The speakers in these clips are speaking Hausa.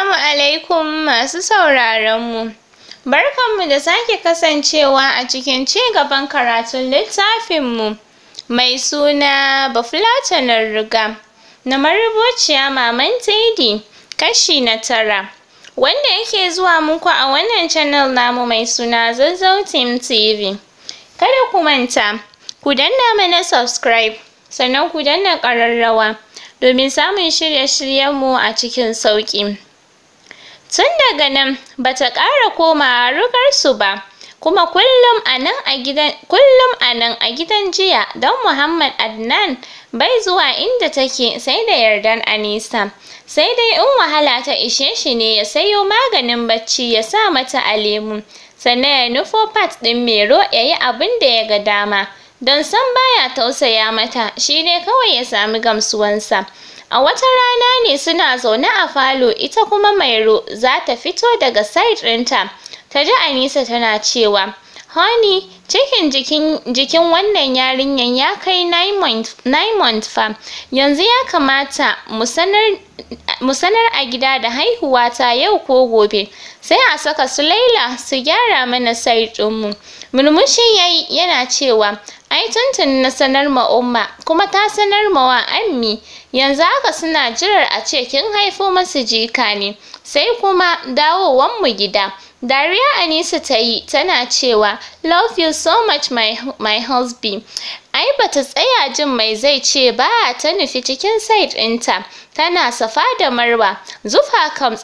Assalamu alaikum masu sauraron mu. Barkanmu da sake kasancewa a cikin ci gaban karatun littafin mu mai suna Bafulatanar Riga na marubuciya Maman Teddy kashi na tara. Wanda yake zuwa muku a wannan channel namu mai suna Zazzau Team TV. Kada ku manta, ku danna mana subscribe, sannan ku danna ƙararrawa. domin samun shirye-shiryenmu a cikin sauƙi. Tun daga nan bata ƙara komawa rugarsu ba kuma kullum a nan a gidan jiya don Muhammad Adnan bai zuwa inda take sai da yardan Anisa sai dai in wahala ta ishe shi ne ya sayo maganin bacci ya sa mata a lemu sannan ya nufo pat ɗin Mero ya yi abin da ya ga dama don san baya tausaya mata shi ne kawai ya sami gamsuwansa A wata rana ne suna zaune a falo ita kuma Mairo za ta fito daga side ɗinta ta ji Anisa tana cewa Honey, cikin jikin, wannan yarinyar ya kai nine month fa, yanzu ya kamata mu sanar a gida da haihuwa ta yau ko gobe, sai a saka su Laila su gyara mana side ɗinmu. Murmushi yayi yana cewa, ai tuntun na sanar ma umma kuma ta sanar ma wa ammi yanzu haka suna jirar a ce kin haifo masu jika ne sai kuma dawowan mu gida dariya anisa ta yi tana cewa love you so much my, my husband ai bata tsaya jin mai zai ce ba ta nufi cikin said ɗinta tana safa da marwa zufa kam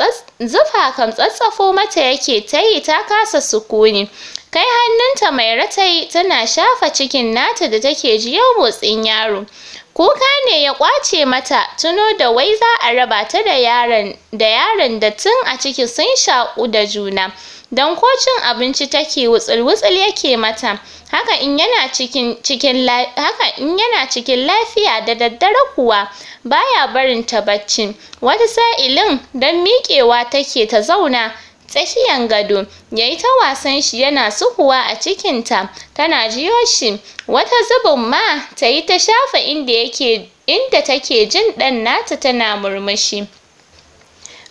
tsatsafo mata yake ta yi ta kasa sukuni kai hannunta mai ratayi tana shafa cikin nata da take jiya motsin yaro kuka ne ya ƙwace mata tuno da wai za a raba ta da yaron da yaron da tun a ciki sun shaƙu da juna don ko cin abinci take wutsul-wutsul yake mata haka in yana cikin cikin haka in yana cikin lafiya da daddare kuwa baya barin ta bacci wata sa'ilin don miƙewa take ta zauna tsakiyan gado ya yi ta wasan shi yana sukuwa a cikinta tana jiyo shi wata zubin ma ta yi ta shafa inda yake inda take jin ɗan nata tana murmushi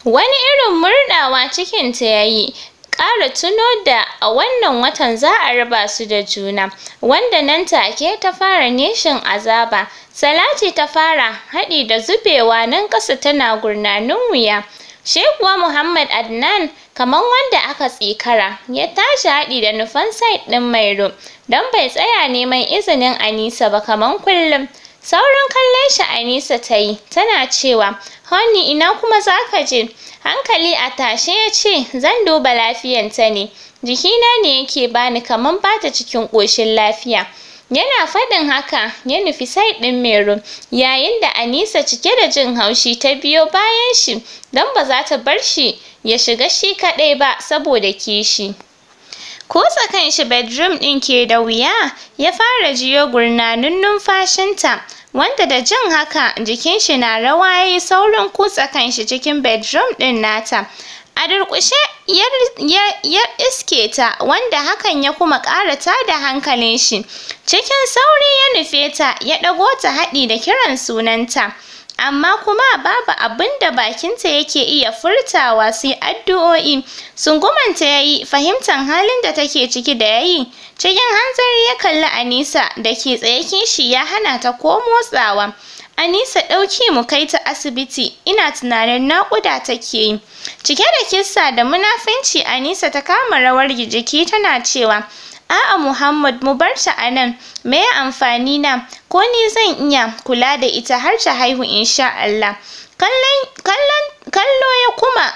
wani irin murɗawa cikinta ta yi ƙara tuno da a wannan watan za a raba su da juna wanda nan take ta fara neshin azaba Salati ta fara haɗi da zubewa nan ƙasa tana gurnanin wuya shehuwa Muhammad Adnan kamar wanda aka tsikara ya tashi haɗi da nufan site ɗin Mairo don bai tsaya neman izinin Anisa ba kaman kullum. Saurin kallon shi Anisa ta yi tana cewa Honey ina kuma za ka je? Hankali a tashe ya ce zan duba lafiyanta ne jikina ne yake bani kamar bata cikin ƙoshin lafiya. Yana faɗin haka ya nufi side ɗin Mero yayin da Anisa cike da jin haushi ta biyo bayan shi don ba za ta bar shi ya shiga shi kaɗai ba saboda kishi. Kutsa tsakan shi bedroom ɗin ke da wuya ya fara jiyo gurnanun numfashinta wanda da jin haka jikin shi na rawa yayi saurin kutsa kan shi cikin bedroom ɗin nata a durƙushe ya iske ta wanda hakan ya kuma ƙara da hankalin shi cikin sauri ya nufe ta ya ɗago ta haɗi da kiran sunanta amma kuma babu abin da bakinta yake iya furtawa sai addu'o'i sungumanta ya yi fahimtar halin da take ciki da ya yi cikin hanzari ya kalli Anisa da ke tsaye kishi ya hana ta ko motsawa Anisa ɗauki mu kai ta asibiti ina tunanin naƙuda take yi cike da kissa da munafunci Anisa ta kama rawar jiki tana cewa a'a Muhammad mu bar ta a nan me amfani na ko ni zan iya kula da ita har ta haihu insha Allah kallo ya kuma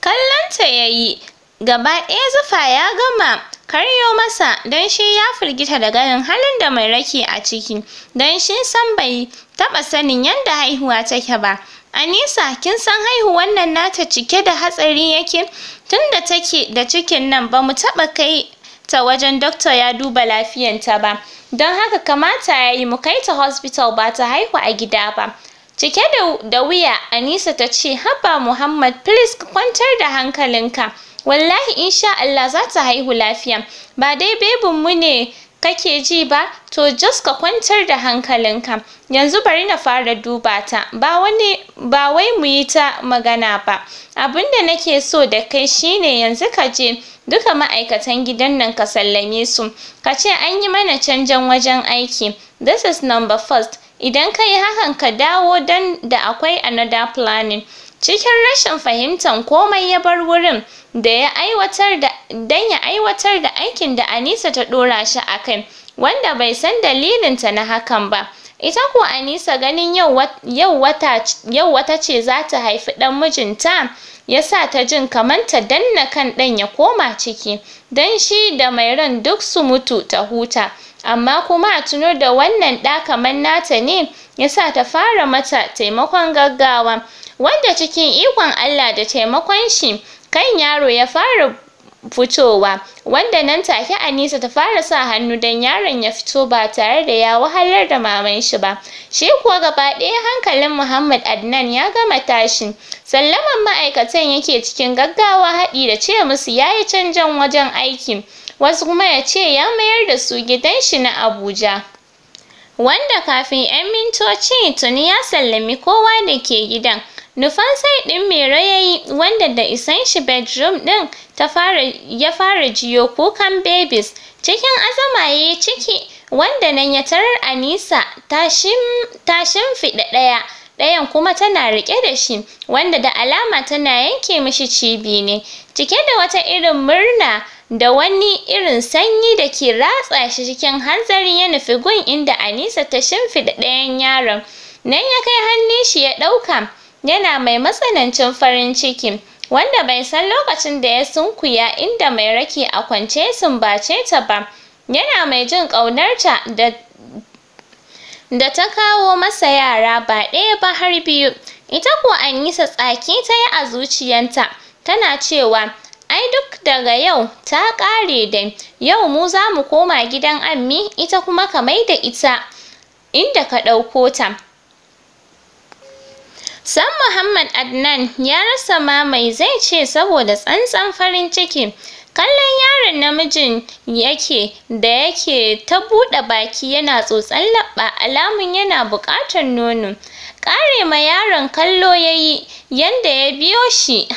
kallonta yayi gaba ɗaya zufa ya gama karyo masa don shi ya firgita da ganin halin da mai rake a ciki don shi san bai taba sanin yadda haihuwa take ba Anisa kin san haihuwan nan nata cike da hatsari yake tunda take da cikin nan ba mu taba kai ta wajen doctor ya duba lafiyanta ba don haka kamata ya yi mu kai ta hospital ba ta haihu a gida ba cike da da wuya Anisa ta ce haba Muhammad please ka kwantar da hankalinka wallahi insha Allah za ta haihu lafiya ba dai bebin mu ne kake ji ba to just ka kwantar da hankalinka yanzu bari na fara duba ta ba wani ba wai mu yi ta magana ba abinda nake so da kai shine yanzu ka je duka ma'aikatan gidan nan ka sallame su ka ce an yi mana canjan wajen aiki this is number first idan ka yi hakan ka dawo dan da akwai another planning cikin rashin fahimtar komai ya bar wurin da ya aiwatar da don ya aiwatar da aikin da Anisa ta ɗora shi a kai wanda bai san dalilinta na hakan ba ita ko Anisa ganin yau yau wata yau wata ce zata haifi ɗan mijinta yasa ta jin kamanta ta danna kan ɗan ya koma ciki dan shi da mai ran duk su mutu ta huta amma kuma a tuno da wannan ɗa kaman nata ne yasa ta fara mata taimakon gaggawa wanda cikin ikon Allah da taimakon shi kan yaro ya fara fitowa wanda nan take Anisa ta fara sa hannu don yaron ya fito ba tare da ya wahalar da maman shi ba shi kuwa gaba ɗaya hankalin Muhammad Adnan ya gama tashi sallaman ma'aikatan yake cikin gaggawa haɗi da ce musu ya yi canjan wajen aiki wasu kuma ya ce ya mayar da su gidan shi na Abuja wanda kafin 'yan mintoci tuni ya sallami kowa da ke gidan Nufan sai ɗin Mairo ya yi, wanda da isan shi bedroom ɗin ta ya fara jiyo kukan babies. Cikin azama ya yi ciki, wanda nan ya tarar Anisa ta shimfiɗa ɗaya. ɗayan kuma tana riƙe da shi wanda da alama tana yanke mishi cibi ne cike da wata irin murna da wani irin sanyi da ke ratsa shi cikin hanzari ya nufi gun inda Anisa ta shimfiɗa ɗayan yaron nan ya kai hannun shi ya ɗauka yana mai matsanancin farin ciki wanda bai san lokacin da ya sunkuya inda mai rake a kwance sun sumbace ta ba yana mai jin ƙaunarta da da ta kawo masa yara ba ɗaya ba har biyu ita kuwa Anisa tsaki ta yi a zuciyanta tana cewa ai duk daga yau ta ƙare dai yau mu za mu koma gidan ammi ita kuma ka maida ita inda ka ɗauko ta Sam Muhammad Adnan ya rasa ma mai zai ce saboda tsantsan farin ciki. Kallon yaron namijin yake da yake ta buɗe baki yana tsotson laɓɓa alamun yana buƙatar nono. Ƙare ma yaron kallo ya yi yanda ya biyo shi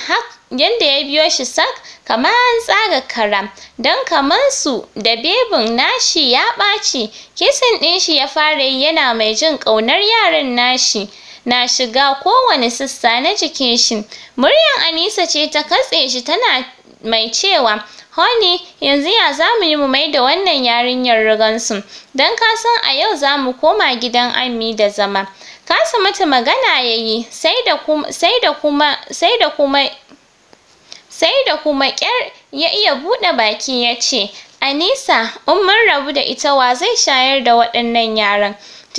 yanda ya biyo shi sak kamar an tsaga kara don kaman su da bebin nashi ya ɓaci kisan ɗin shi ya fara yi yana mai jin ƙaunar yaran nashi. na shiga kowane sassa na jikin shi muryar Anisa ce ta katse shi tana mai cewa Honey, yanzu ya za mu yi mu mai da wannan yarinyar rigansu, don ka san a yau za mu koma gidan ami da zama. Kasa mata magana ya yi, sai da kuma, sai ƙyar ya iya buɗe baki ya ce, Anisa, umar rabu da ita wa zai shayar da waɗannan yaran?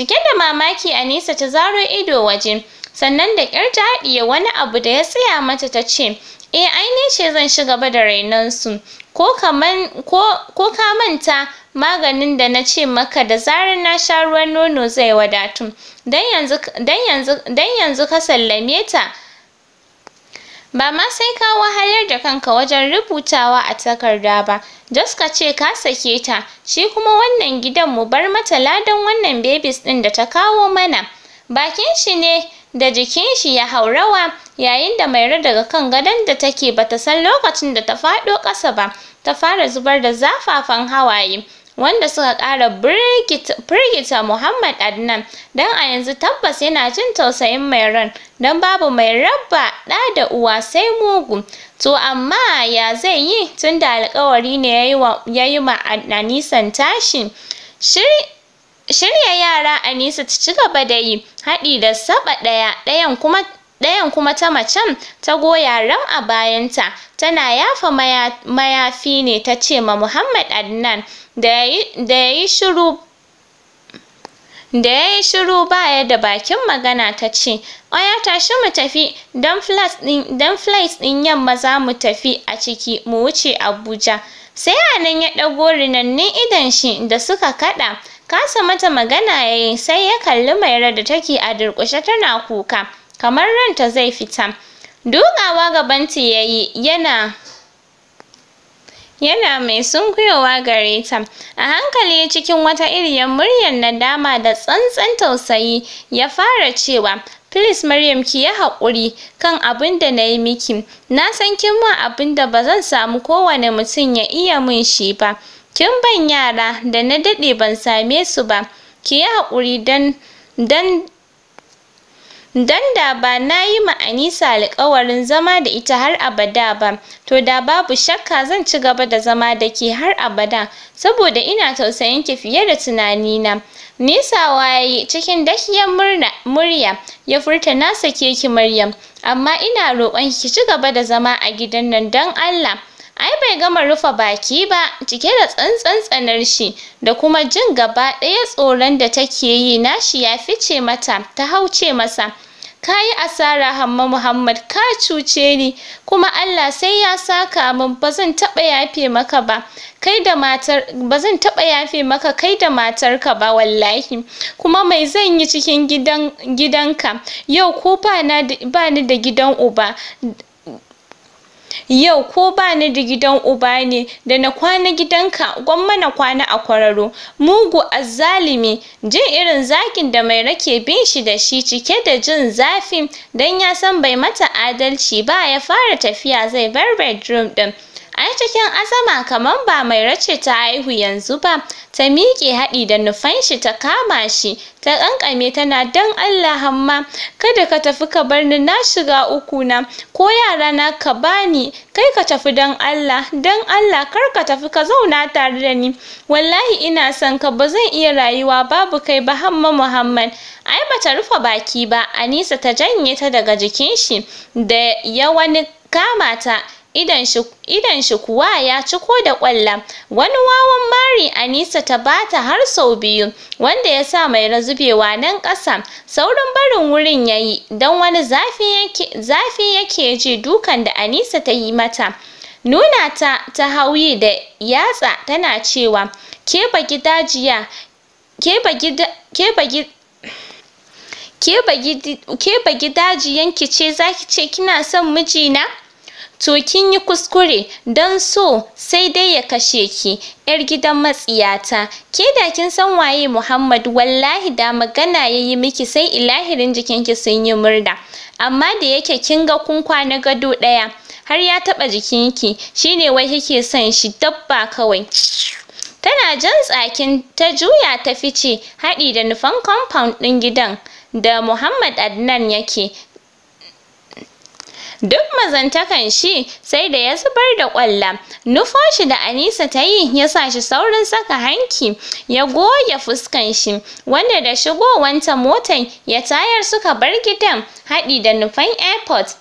Cike da mamaki Anisa ta zaro ido waje, sannan da ƙyar ta haɗiye wani abu da ya tsaya mata ta ce, e ai ni ce zan ci gaba da rainon su ko ka manta maganin da na ce maka da zarar na sha ruwan nono zai wadatu dan yanzu ka sallame ta ba ma sai ka wahalar da kanka wajen rubutawa a takarda ba just ka ce ka sake ta shi kuma wannan gidan mu bar mata ladan wannan babies din da ta kawo mana bakin shi ne da jikin shi ya haurawa yayin da mairo daga kan gadon da take bata san lokacin da ta faɗo ƙasa ba ta fara zubar da zafafan hawaye wanda suka kara firgita Muhammad Adnan don a yanzu tabbas yana jin tausayin mai ran don babu mai rabba ɗa da uwa sai mugu to amma ya zai yi tun da alkawari ne ya yi ma Anisan tashi shirya yara Anisa ta ci gaba da yi haɗi da saba ɗaya ɗayan kuma ɗayan kuma ta macen ta goya ran a bayanta tana yafa mayafi ne ta ce ma Muhammad Adnan da yayi shiru da yi shiru baya da bakin magana ta ce oya tashi mu tafi don flight ɗin yamma za mu tafi a ciki mu wuce Abuja sai anan ya ɗago rinannun idon shi da suka kaɗa kasa mata magana ya yi sai ya kalli mai da take a durƙushe tana kuka kamar ranta zai fita dukawa gabanta ya yi yana yana mai sunkuyowa gare ta a hankali cikin wata iriyar muryar nadama da tsantsan tausayi ya fara cewa Please Maryam ki yi haƙuri kan abin da na yi miki na san kin ma abin da ba zan samu kowane mutum ya iya min shi ba kin ban yara da na daɗe ban same su ba ki yi haƙuri dan. don don da ba na yi ma Anisa alƙawarin zama da ita har abada ba to da babu shakka zan ci gaba da zama da ke har abada saboda ina tausayin ki fiye da tunanina nisa waye cikin dashiyar murna murya ya furta na sake ki Maryam amma ina roƙon ki ci gaba da zama a gidan nan don Allah ai bai gama rufe baki ba cike da tsantsan tsanar shi da kuma jin gaba ɗaya tsoron da take yi nashi ya fice mata ta hauce masa ka yi asara Hamma Muhammad ka cuce ni kuma Allah sai ya saka min bazan taɓa yafe maka kai da matar bazan matarka ba wallahi kuma mai zan yi cikin gidan gidanka yau ko ba ni da gidan uba yau ko bani da gidan uba ne da na kwana gidanka gwan mana kwana a kwararo mugu azzalumi jin irin zakin da mai rake bin shi da shi cike da jin zafi don ya san bai mata adalci ba ya fara tafiya zai bar bedroom ɗin ai cikin azama kaman ba mai race ta haihu yanzu ba ta miƙe haɗi da nufan shi ta kama shi ta ƙanƙame tana dan Allah hamma kada ka tafi ka bar ni na shiga uku na ko yara na ka bani kai ka tafi dan Allah dan Allah kar ka tafi ka zauna tare da ni wallahi ina son ka ba zan iya rayuwa babu kai ba hamma Muhammad ai bata rufe baki ba Anisa ta janye ta daga jikin shi da ya wani kamata ta idan shi kuwa ya ciko da ƙwalla wani wawan mari Anisa ta bata har sau biyu wanda ya sa mai razubewa nan ƙasa saurin barin wurin yayi don wani zafi yake ji dukan da Anisa ta yi mata nuna ta ta hauyi da yatsa tana cewa ke bagidajiya ke ke ke ce zaki ce kina son mijina to kin yi kuskure don so sai dai ya kashe ki yar gidan matsiyata ke da kin san waye Muhammad wallahi da magana ya yi miki sai ilahirin jikinki sun yi murda amma da yake kin ga kun kwana gado ɗaya har ya taɓa jikinki shine wai kike son shi dabba kawai tana jan tsakin ta juya ta fice haɗi da nufan compound ɗin gidan da Muhammad Adnan yake duk mazantakan shi sai da ya zubar da ƙwalla nufo da Anisa ta yi ya sa shi saurin saka hanki ya goge fuskan shi wanda da shigowanta motan ya tayar suka bar gidan haɗi da nufan airport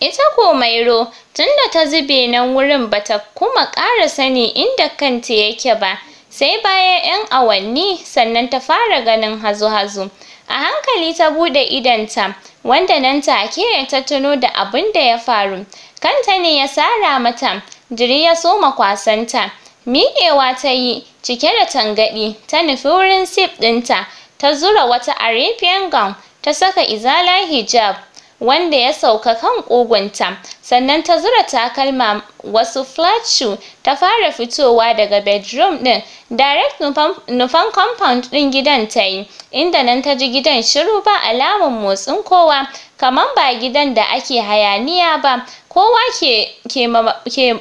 ita ko mairo tunda ta zube nan wurin bata kuma ƙara sani inda kanta yake ba sai bayan 'yan awanni sannan ta fara ganin hazo-hazo A hankali ta buɗe idonta, wanda nan take ya tattuno da abin da ya faru. Kanta ne ya sara mata, jiri ya soma kwasanta. Miƙewa ta yi, cike da tangaɗi, ta nufi wurin sif ɗinta, ta zura wata Arabian gown, ta saka izala hijab. wanda ya sauka kan ƙugunta sannan ta zura takalma wasu flat shoe ta fara fitowa daga bedroom ɗin direct nufan compound ɗin gidan ta yi inda nan ta ji gidan shiru ba alaman motsin kowa kaman ba gidan da ake hayaniya ba kowa ke ke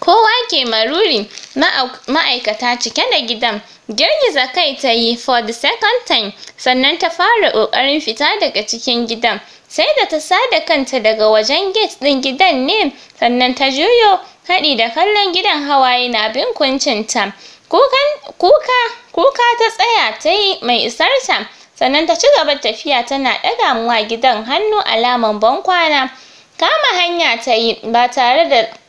kowa ke maruri ma'aikata cike da gidan girgiza kai ta yi for the second time sannan ta fara ƙoƙarin fita daga cikin gidan sai da ta sada kanta daga wajen gate ɗin gidan ne sannan ta juyo haɗi da kallon gidan hawaye na bin kuncinta kukan kuka ta tsaya ta yi mai isarta sannan ta ci gaba tafiya tana ɗaga ma gidan hannu alaman ban kwana kama hanya ta yi ba tare da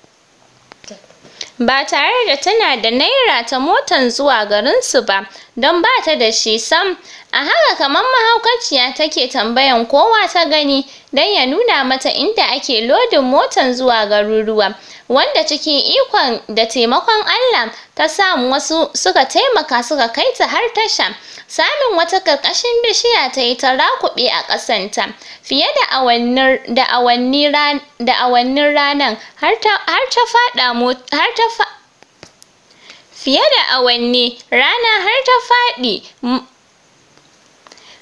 ba tare da tana da naira ta motan zuwa garin su ba don ba ta da shi sam a haka kamar mahaukaciya take tambayan kowa ta gani don ya nuna mata inda ake lodin motan zuwa garuruwa wanda cikin ikon da taimakon Allah ta samu wasu suka taimaka suka kai ta har tasha samun wata karkashin bishiya ta yi ta rakuɓe a ƙasanta fiye da awannin ranar har ta faɗa fiye da awanni rana har ta faɗi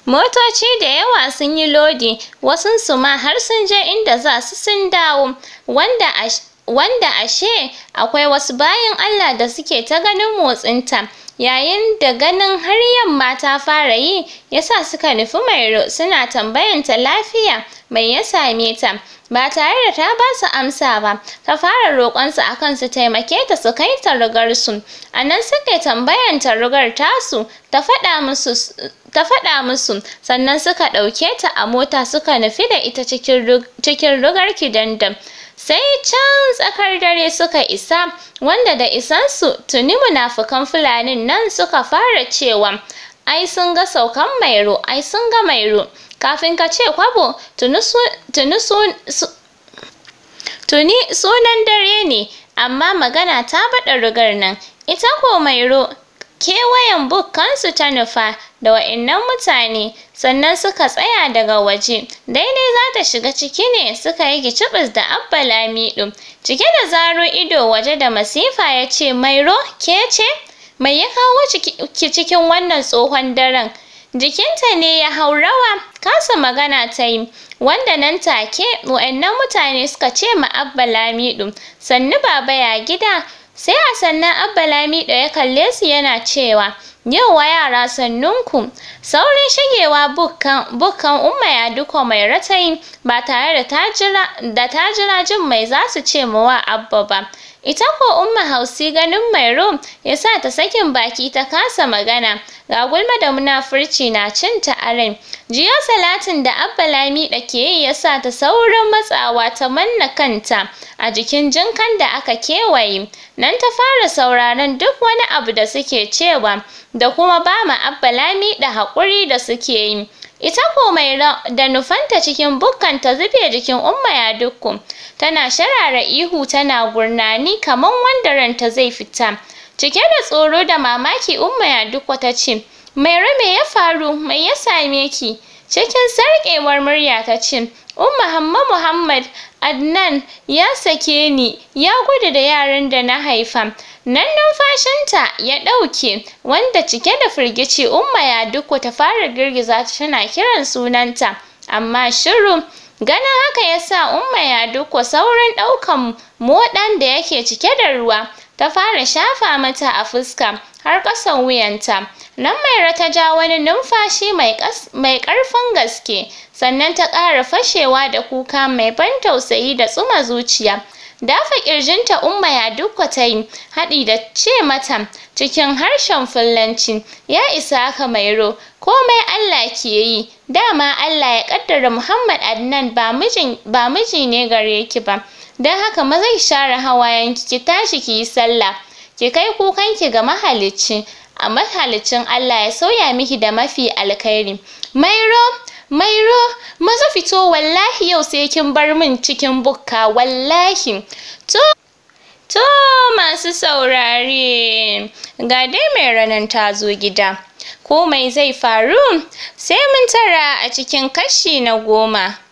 motoci da yawa sun yi lodi wasun su ma har sun je inda za su sun dawo wanda a wanda ashe akwai wasu bayin Allah da suke ta ganin motsinta yayin da ganin har yamma ta fara yi yasa suka nufi Mairo suna tambayanta lafiya mai ya same ta ba tare da ta ba su amsa ba ta fara roƙonsu akan su taimake ta su kai ta rugar su a nan suka tambayan ta rugar tasu ta faɗa musu ta faɗa musu sannan suka ɗauke ta a mota suka nufi da ita cikin rugar kidandam sai can tsakar dare suka isa wanda da isansu tuni munafukan fulanin nan suka fara cewa ai sun ga saukan mairo ai sun ga mairo kafin ka ce kwabo tuni sunan dare ne amma magana ta baɗa rigar nan ita ko mairo kewayen bukkansu ta nufa da wa'innan mutane sannan suka tsaya daga waje daidai za ta shiga ciki ne suka yi gicibis da abba lamiɗo cike da zaro ido waje da masifa ya ce mairo ke ce mai ya kawo ki cikin wannan tsohon daren jikinta ne ya hau rawa kasa magana ta yi wanda nan take wa'annan mutane suka ce ma abba lamiɗo sannu baba ya gida sai a sannan abba lamido ya kalle su yana cewa yauwa yara sannunku saurin shigewa bukkan umma ya duka mai ratayin ba tare da ta jira jin mai za su ce ma wa abba ba Ita ko Umma Hausi ganin Mairo ya sa ta sakin baki ta kasa magana, ga gulma da munafurci na cin ta aran Jiya salatin da Abba da ke yi ya sa ta saurin matsawa ta manna kanta a jikin jinkan da aka kewaye. Nan ta fara sauraron duk wani abu da suke cewa da kuma ba ma Abba lami da haƙuri da suke yi. ita ko mai da nufanta cikin bukkan ta zube jikin umma ya dukku tana sharara ihu tana gurnani kaman wanda ranta zai fita cike da tsoro da mamaki umma ya dukku ta ce "Mai rame ya faru mai ya same ki cikin sarƙewar murya ta ce Umma Hamma Muhammad Adnan ya sake ni ya gudu da yaran da na haifa nan numfashinta ya ɗauke wanda cike da firgici Umma ya Yadiko ta fara girgiza tana kiran sunanta amma shiru ganin haka yasa Umma ya Yadiko saurin ɗaukan moɗan da yake cike da ruwa ta fara shafa mata a fuska har ƙasan wuyanta Nan Mairo ta ja wani numfashi mai ƙarfin gaske, sannan ta ƙara fashewa da kuka mai ban tausayi da tsuma zuciya. Dafa ƙirjinta Umma Yadiko ta yi, haɗi da ce mata cikin harshen Fulanci, “Ya isa haka Mairo, komai Allah ke yi, dama Allah ya ƙaddara Muhammad Adnan ba miji ne gare ki ba, don haka ma zai share hawayenki ki tashi ki yi sallah, ki kai kukanki ga mahalicci, a mahalicin Allah ya sauya miki da mafi alkhairi mairo mairo maza fito wallahi yau sai kin bar min cikin bukka wallahi to to masu saurare ga dai mai ranar ta zo gida komai zai faru sai mun tara a cikin kashi na goma